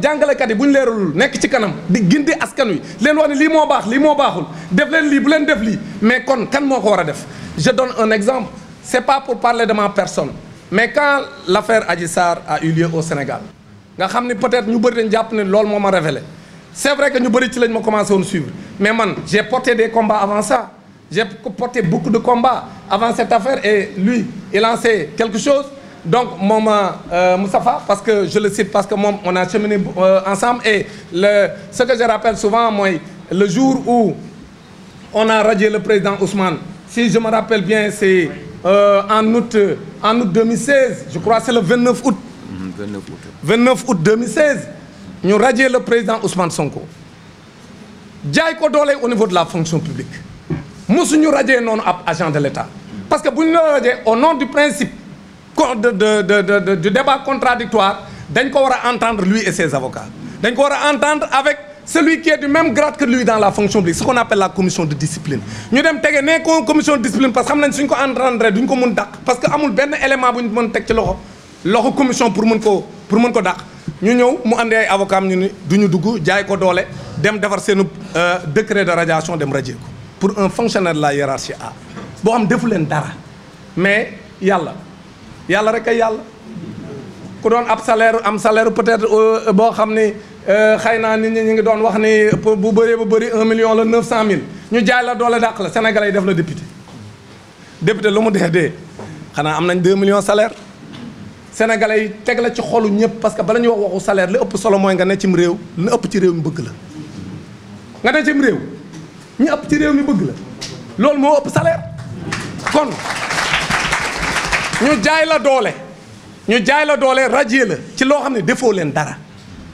jàngalekat yi bu ñu leeralul nekk ci kanam di gindi askan wi leen wax ne lii moo baax lii moo baaxul def leen lii bu leen def lii mais kon kan moo ko war a def je donne un exemple c'est pas pour parler de ma personne mais quand l'affaire Adji Sarr a eu lieu au Sénégal nga xam ni peut-être ñu bëri dañ jàpp ne loolu moom ma révélé c'est vrai que ñu bëri ci lañ ma commencé woon suivre mais man j'ai porté des combats avant ça j'ai porté beaucoup de combats avant cette et lui il lançait quelque donc moom euh, Moustapha parce que je le cite parce que moom on a cheminé euh, ensemble et le ce que je rappelle souvent mooy le jour où on a raje le président Ousmane si je me rappelle bien c'est euh, en août en août 2016 je crois c'est le 29 août. 29 août 29 août 2016 ñu radié le président Ousmane Sonko jaay ko doole au niveau de la fonction publique mosuñu radié noonu ab agent de l'État parce que bu ñu la radié au nom du principe. de de de de du débat contradictoire dañ ko war a entendre lui et ses avocats dañ ko war a entendre avec celui qui est du même grade que lui dans la fonction publique ce qu'on appelle la commission de discipline ñu dem tege ne ko commission de discipline parce que xam nañ suñ ko entendre duñ ko mun dàq parce que amul benn élément bu ñu mën teg ci loxo loxo commission pour mën ko pour mën ko dàq ñu ñëw mu andi ay avocat am ñu ni du ñu dugg jaay ko doole dem defar seenu euh, décret de radiation dem radier pour un fonctionnaire de la hiérarchie boo xam defu leen dara mais yàlla yàlla rek a yàlla ku doon ab salaire am salaire peut-être euh, boo xam ni euh, xëy naa nit ñi ñu ngi doon wax ni bu bëree bu bëri un million la neuf cent mille ñu jaay la doole dàq la Sénégalais yi def la député député lu mu dee dee xanaa am nañ deux millions salaire Sénégalais yi teg la ci xolu ñëpp parce que bala ñu wax waxu salaire li ëpp solo mooy nga ne cim réew li ëpp ci réew mi bëgg la nga ne cim réew ñu ëpp ci réew mi bëgg la loolu moo ëpp salaire kon ñu jaay la doole ñu jaay la doole radier la ci loo xam ne defoo leen dara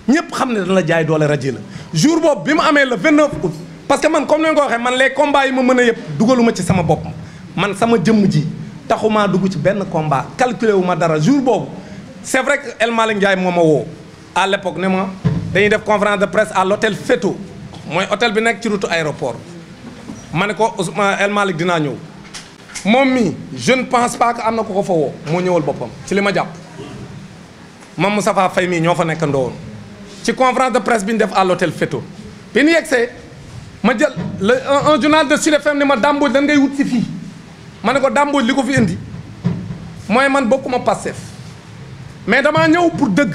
ñëpp xam ne dañ la jaay doole radier la jour boobu bi mu amee le 29 août parce que man comme ni nga ko waxee man les combats yi ma mën a yëpp dugaluma ci sama bopp man sama jëmm ji taxumaa dugg ci benn combat calculé wu ma dara jour boobu c'est vrai que El Malick Ndiaye moo ma woo à l'époque ne ma dañuy def conférence de presse à l'hôtel Feto mooy hôtel bi nekk ci route aéroport ma ne ko Ousmane El dinaa ñëw moom mi jeune ne pense pas am na ko ko fa woo moo ñëwal boppam ci li ma jàpp ma moom Moustapha Faye mii ñoo fa nekk ndowoon ci conférence de presse bi nu def à l'hôtel Feto bi ñu yegsee ma jël la un journal de Sud FM ni ma Dame Mbodj lan ngay wut fii ma ne ko Dame li ko fi indi mooy man bokkuma Pastef mais damaa ñëw pour dëgg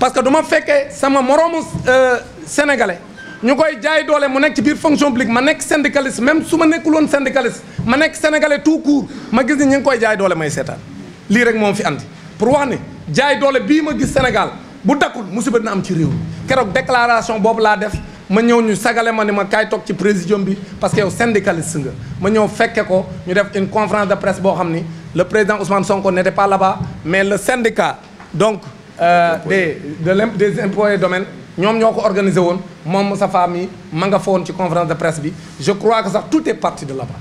parce que du ma fekkee sama moroomu euh, sénégalais ñu koy jaay doole mu nekk ci biir fonction publique ma nekk syndicaliste même su ma nekkul woon syndicaliste ma nekk sénégalais tout court ma gis ni ñu ngi koy jaay doole may seetaan lii rek moom fi andi pour wax ni jaay doole bii ma gis Sénégal bu dakkul musiba dina am ci réew keroog déclaration boobu laa def ma ñëw ñu sagale ma ni ma kaay toog ci présidium bi parce que yow syndicaliste nga ma ñëw fekke ko ñu def une conférence de presse boo xam ni le président Ousmane Sonko n'était pas là-bas mais le syndicat donc euh, des de des impôts domaines ñoom ñoo ko organisé woon moom sa famille ma nga fa woon ci conférence de presse bi je crois que sax tout est de là-bas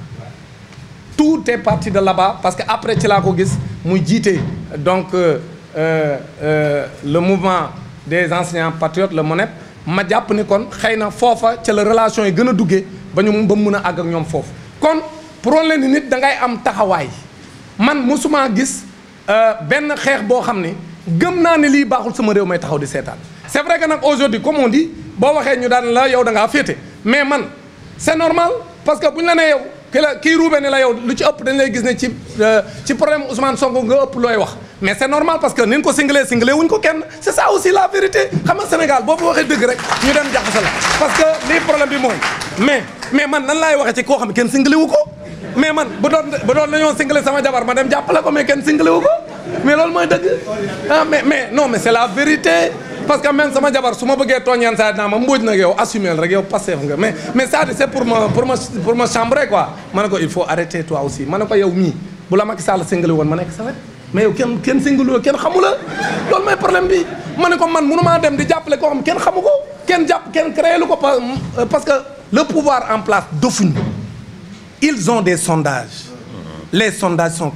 tout est de là-bas parce que après ci laa ko gis mu jiite donc euh, euh, euh, le mouvement des enseignants patriotes le MONEP ma jàpp ni kon xëy na foofa ca la relation yi gën a duggee ba ñu ba mu mun a àgg ak ñoom foofu kon pour woon nit da ngay am taxawaay man mosuma gis benn xeex boo xam ne gëm naa ne lii baaxul sama réew may taxaw di seetaan c'est vrai que nag aujourd'hui comme on dit boo waxee ñu daan la yow da ngaa féete mais man c'est normal parce que bu ñu la nee yow ki la kii ruube ni la yow lu ci ëpp dañ lay gis ne ci euh, ci problème Ousmane Sonko nga ëpp looy wax mais c'est normal parce que ni ñu ko singalee wu wuñ ko kenn c'est ça aussi la vérité xam nga Sénégal boo fa waxee dëgg rek ñu dem jaxase parce que lii problème bi mooy mais mais man nan laay waxee ci ko mais man bu doon bu doon dañoo singale sama jabar ma dem jàppale mais kenn singale wu ko mais loolu parce que même sama jabar su ma bëggee tooñeen saa dinaa ma mbuuj nag yow assumel rek yow passef nga mais mais ça c'est pour ma pour ma pour ma chambre quoi ma ne ko il faut arrêter toi aussi ma ne ko yow mii bu la Macky Sall singali woon ma nekk sa wet mais yow kenn kenn singaloo kenn xamu la loolu mooy problème bi ma ne ko man maa dem di jàppale ko xam kenn xamu ko kenn jàpp kenn créé lu ko parce que le pouvoir en place dofuñu ils ont des sondages les sondages sont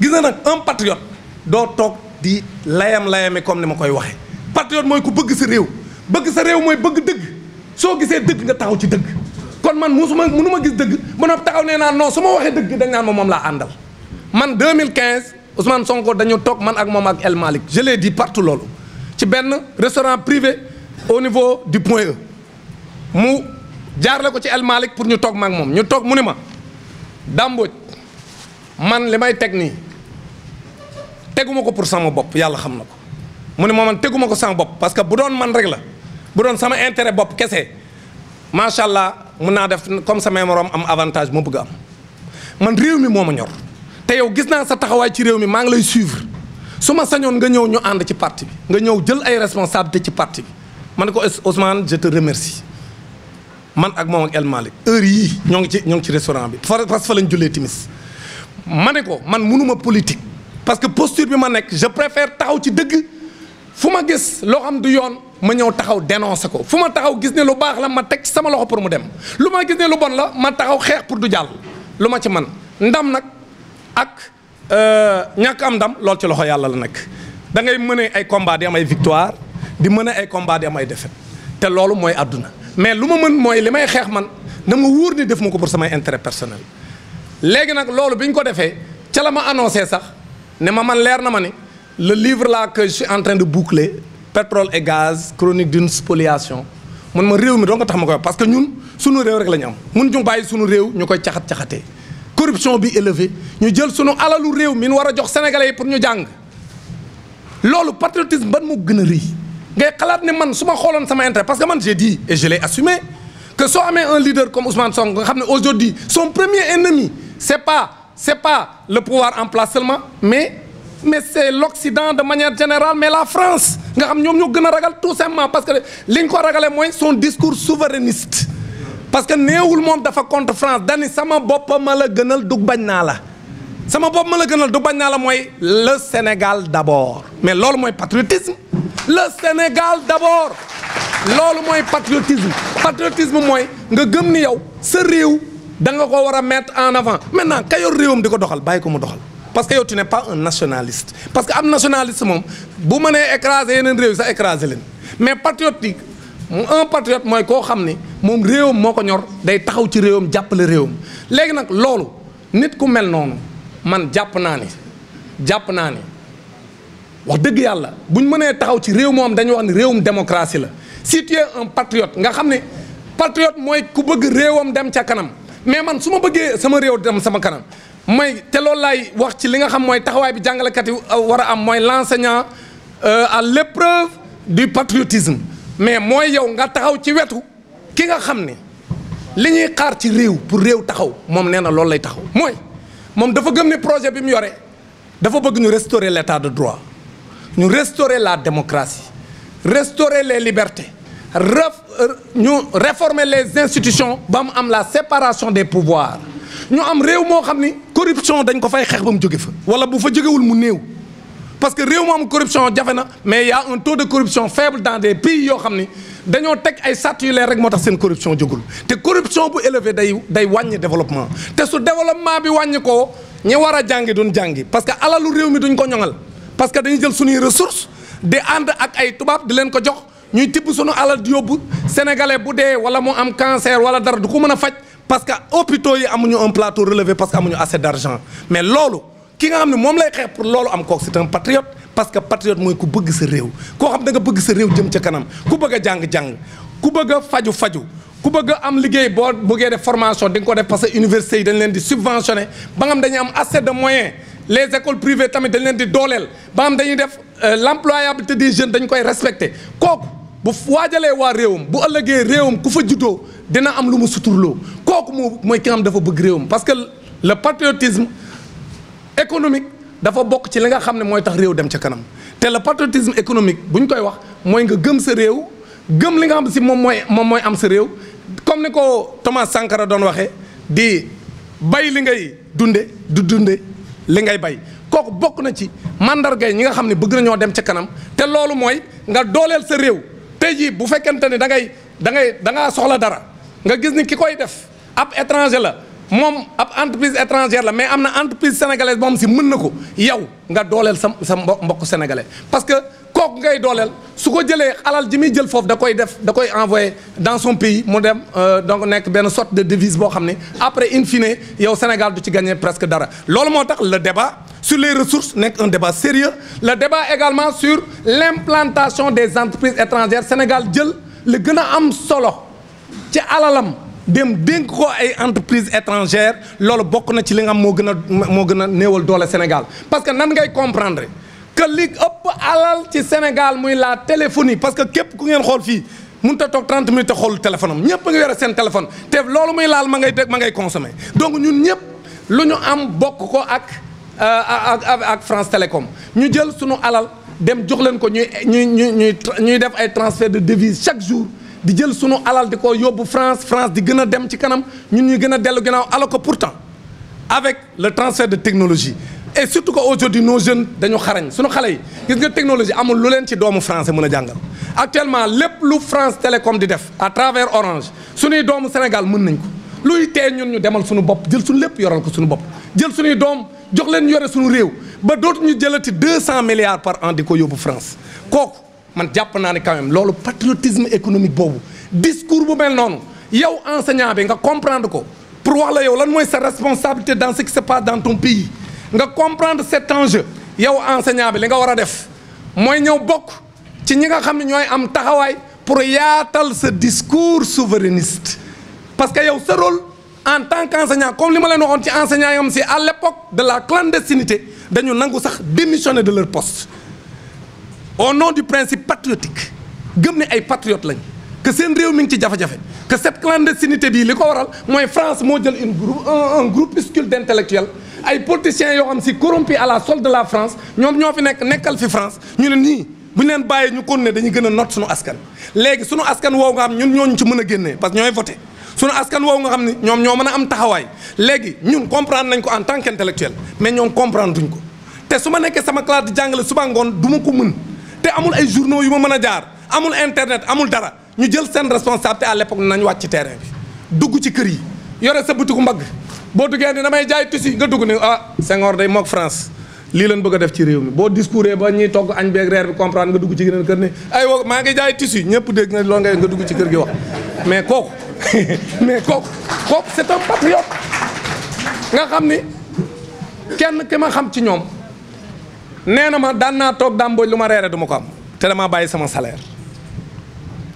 gis nag un patriote doo di layam-layame comme ni ma koy waxee patriote mooy ku bëgg sa réew bëgg sa réew mooy bëgg dëgg soo gisee dëgg nga taxaw ci dëgg kon man musuma mënu ma gis dëgg ba noppi taxaw nee naa non su ma waxee dëgg dañ naan ma moom laa àndal man 2015 Ousmane Sonko dañu toog man ak moom ak El Malick je l'ai dit loolu ci benn restaurant privé au niveau du point E mu jaarle ko ci El Malick pour ñu toog maak moom ñu toog mu ni ma Dame man li may teg teguma ko pour sama bopp yàlla xam na ko mu ne ma man teguma ko sama bopp parce que bu doon man rek la bu doon sama intérêt bopp kese macha allah mun naa def comme sama morom am avantage ma bëgg am man réew mi moo ma ñor te yow gis naa sa taxawaay ci réew mi maa ngi lay suivre su ma sañoon nga ñëw ñu ànd ci parti bi nga ñëw jël ay responsabilité ci parti bi man ko Ousmane je te remercie man ak moom ak heure yii ñoo ngi ci ñoo ngi ci restaurant bi fa parce que fa lañ jullee timis ma ne ko man mënuma politique parce que posture bi ma nekk je préfère taxaw ci dëgg fu ma gis loo xam du yoon ma ñëw taxaw dénoncé ko fu ma taxaw gis ne lu baax la ma teg sama loxo pour mu dem lu ma gis ne lu bon la ma taxaw xeex pour du jàll lu ma ci man ndam nag ak euh, ñàkk am ndam lool ci loxo yàlla la nekk da ngay mëne ay combat di am ay victoire di mëne ay combat di am ay défaite te loolu mooy àdduna mais lu ma mën mooy li may xeex man na ma wóor ni def ma ko pour samay intérêt personnel léegi nag loolu bi ñu ko defee ca la ma annoncé sax. ne ma man leer na ma ne le livre là que je suis de boucle pétrole et gaz chronique d'une spoliation mun ma réew mi doo nga tax ma koy parce que ñun sunu réew rek la am mun ñu bàyyi sunu réew ñu koy caxat caxatee. corruption bi élevée ñu jël sunu alalu réew mi ñu war a jox sénégalais yi pour ñu jàng loolu patriotisme ban moo gën a rëy ngay xalaat ne man su ma xooloon sama intérêt parce que man j'ai dit et je l'ai assumé que soo amee un leader comme Ousmane Sonko nga xam ne aujourd'hui son premier ennemi c'est pas. c'est pas le pouvoir en place seulement mais mais c'est l'Occident de manière générale mais la France nga xam ñoom ñoo gën a ragal tout simplement parce que li ñu ko ragalee mooy son discours souverainiste parce que néewul moom dafa contre France dani sama bopp ma la gënal du bañ naa la sama bopp ma la gënal du bañ naa la mooy le Sénégal d'abord mais loolu mooy patriotisme le Sénégal d'abord loolu mooy patriotisme patriotisme mooy nga gëm ni yow sa réew da ko war a mettre en avant maintenant ka yor réewam di ko doxal bàyyi ko mu doxal parce que yow tu n'es pas un nationaliste parce que am nationaliste moom bu mënee écraser yeneen réew yi sax écraser leen mais patriotique un patriote mooy koo xam ne moom réewam moo ko ñor day taxaw ci réewam jàppale réewam léegi nag loolu nit ku mel noonu man jàpp naa ne jàpp naa ne wax dëgg yàlla bu ñu mënee taxaw ci réew moom dañuy wax réewum démocratie la si un patriote nga xam ne patriote mooy ku bëgg réewam dem ca kanam mais man su ma bëggee sama réew dem sama kanam mooy te loolu laay wax ci li nga xam mooy taxawaay bi jàngalekat yi euh, war a am mooy l'enseignant à euh, l'épreuve du patriotisme mais mooy yow nga taxaw ci wetu ki nga xam ni li ñuy xaar ci réew pour réew taxaw moom nee na loolu lay taxaw mooy moom dafa gëm ne projet bi mu yore dafa bëgg ñu restaurer l'état de droit ñu restaurer la démocratie restaurer les libertés ref euh, ñu réformer les institutions ba mu am la séparation des pouvoirs ñu am réew moo xam ni corruption dañ ko fay xeex ba mu jóge fa wala bu fa jógewul mu néew parce que réew mu am corruption jafe na mais y un taux de corruption faible dans des pays yoo xam ni dañoo teg ay sàtt yu leer rek moo tax seen corruption jógul te corruption bu élevé day day wàññi développement te su développement bi wàññi ko ñi war a jàngi duñ jàngi parce que alalu réew mi duñ ko ñoŋal parce que dañu jël suñuy ressources di ànd ak ay tubaab di leen ko jox ñuy tibb sunu alal di yóbbu sénégalais bu dee wala mu am cancer wala dara du ko mën a faj parce que hôpitaux yi amuñu un plateau relevé parce que amuñu assez d'argent mais loolu ki nga xam ne moom lay xeex pour loolu am kook c'est un patriote parce que patriote mooy ku bëgg sa réew koo xam da nga bëgg sa réew jëm ca kanam ku bëgg a jàng-jàng ku bëgg a faju faju ku bëgg am liggéey boo bëggee def formation di nga ko def parce que université yi dañ leen di subventionné ba nga am assez de moyens les écoles tamit dañ leen di dooleel ba nga xam dañuy euh, des jeunes dañ koy respecté kooku bu waajalee waa réewam bu ëllëgee réewam ku fa juddoo dina am lu mu suturloo kooku moo mooy ki nga dafa bëgg réewam parce que le patriotisme économique dafa bokk ci li nga xam ne mooy tax réew dem ca kanam te le patriotisme économique bu koy wax mooy nga gëm sa réew gëm li nga xam si moom mooy moom mooy am sa réew comme ni ko Thomas Sankara doon waxee di bay li ngay dunde du dunde li ngay bay kooku bokk na ci mandarga yi ñi nga xam ne bëgg nañoo dem ca kanam te loolu mooy nga dooleel sa réew. tey jii bu fekkente ni da dangay da ngay soxla dara nga gis ni ki koy def ab étranger la moom ab entreprise étrangère la mais am na entreprise sénégalaise moom si mën na ko yow nga dooleel sa sa mbokk sénégalais parce kooku ngay dooleel su ko jëlee alal ji muy jël foofu da koy def da koy envoyé dans son pays mu dem euh, donc nekk benn sorte de devise boo xam ne après une fine yow Sénégal du ci gagné presque dara loolu moo tax la débat sur les ressources nekk un débat sérieux le débat également sur l'implantation des entreprises étrangères Sénégal jël li gën a am solo ci alalam dem dénk ko ay entreprise étrangères loolu bokk na ci li nga xam moo gën a moo gën a néewal doole Sénégal parce que nan ngay comprendre que li ëpp alal ci Sénégal muy la téléphonie parce que képp ku ngeen xool fii mënut a toog 30 minutes te xool téléphone am ñëpp a ngi yore seen téléphone te loolu muy laal ma ngay dégg ma ngay consommé donc ñun ñëpp lu ñu am bokk ko euh, ak ak ak France Télécom ñu jël suñu alal dem jox leen ko ñuy ñuy ñuy ñuy def ay transfert de devise chaque jour. di jël suñu alal di ko yóbbu France France di gën a dem ci kanam ñun ñu gën a dellu ginnaaw alors que pourtant avec le transfert de technologie et surtout que aujourd'hui nos jeunes dañu xarañ suñu xale yi gis nga technologie amul lu leen ci doomu français mën a jàngal actuellement lépp lu France Télécom di def à travers Orange suñuy doomu Sénégal mën nañ ko luy tee ñun ñu demal suñu bopp jël suñu lépp yoral ko suñu bopp jël suñuy doom jox leen yore suñu réew ba dootuñu jëlati deux cent milliards par an di ko yóbbu France kooku man jàpp naa ne quand même loolu patriotisme économique boobu discours bu mel noonu yow enseignant bi nga comprendre ko pour wax yow lan mooy sa responsabilité dans ce qui se nga comprendre cet enjeu yow enseignant bi li nga war a def mooy ñëw bokk ci ñi nga xam ne ñooy am taxawaay pour yaatal sa discours souverainiste parce que yow sa rôle en tant qu'enseignant comme li ma leen waxoon ci enseignant yi am si à l'époque de la clandestinité dañu nangu sax démissionner de leur poste au non du principe patriotique gëm ne ay patriotes lañ que seen réew mi ngi ci jafe-jafe que cette clandestinité bii li ko waral mooy France moo jël une groupe un groupuscule d'intellectuels ay politiciens yoo xam si corrompus à la solde de la France ñoom ñoo fi nekk nekkal fi France ñu ne nii bu ñu leen bàyyee ñu kon ne dañu gën not suñu askan léegi suñu askan woowu nga xam ñun ñooñu ci mën a génnee parce que ñooy voté suñu askan woowu nga xam ne ñoom ñoo mën a am taxawaay léegi ñun comprendre nañ ko en tant qu'intellectuel mais ñoom comprendre duñ ko te su ma nekkee sama classe di jàngale suba ngoon du ma mën te amul ay journaux yu ma mën a jaar amul internet amul dara ñu jël seen responsabilité à l'époque nañ wàcc terrain bi dugg ci kër yi yore sa ku mbagg boo duggee ni damay jaay tusi nga dugg ni ah Senghor day moog France lii leen bëgg a def ci réew mi boo discouré ba ñuy togg añ beeg reer bi comprendre nga dugg ci yeneen kër maa ngi jaay tissu ñëpp dégg na loolu ngay nga dugg ci gi wax mais kooku mais kooku kooku c'est un patriote nga xam ni kenn ki ma xam ci ñoom nee na ma daan naa toog dàmbooj lu ma reere du ma ko am te damaa bàyyi sama salaire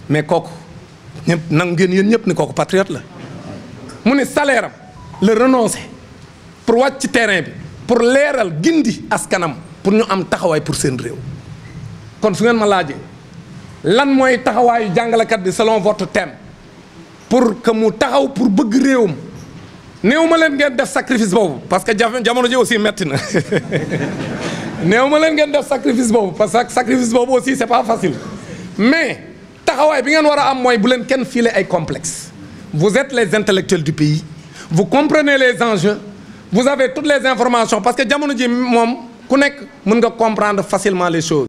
mais kooku ñëpp nangu ngeen yéen ñëpp ni kooku patriote la mu ne salaire am la renoncer pour wàcc ci terrain bi pour leeral gindi askanam pour ñu am taxawaay pour seen réew kon su ngeen ma laajee lan mooy taxawaayu jàngalekat bi salon votre thème pour que mu taxaw pour bëgg réewam néew ma leen ngeen def sacrifice boobu parce que jamono ji aussi metti na néew ma leen ngeen def sacrifice boobu parce que sacrifice boobu aussi c'est pas facile mais taxawaay bi ngeen war a am mooy bu leen kenn filer ay complexe vous êtes les intellectuels du pays vous comprenez les enjeux vous avez toutes les informations parce que jamono ji moom ku nekk mën nga comprendre facilement les choses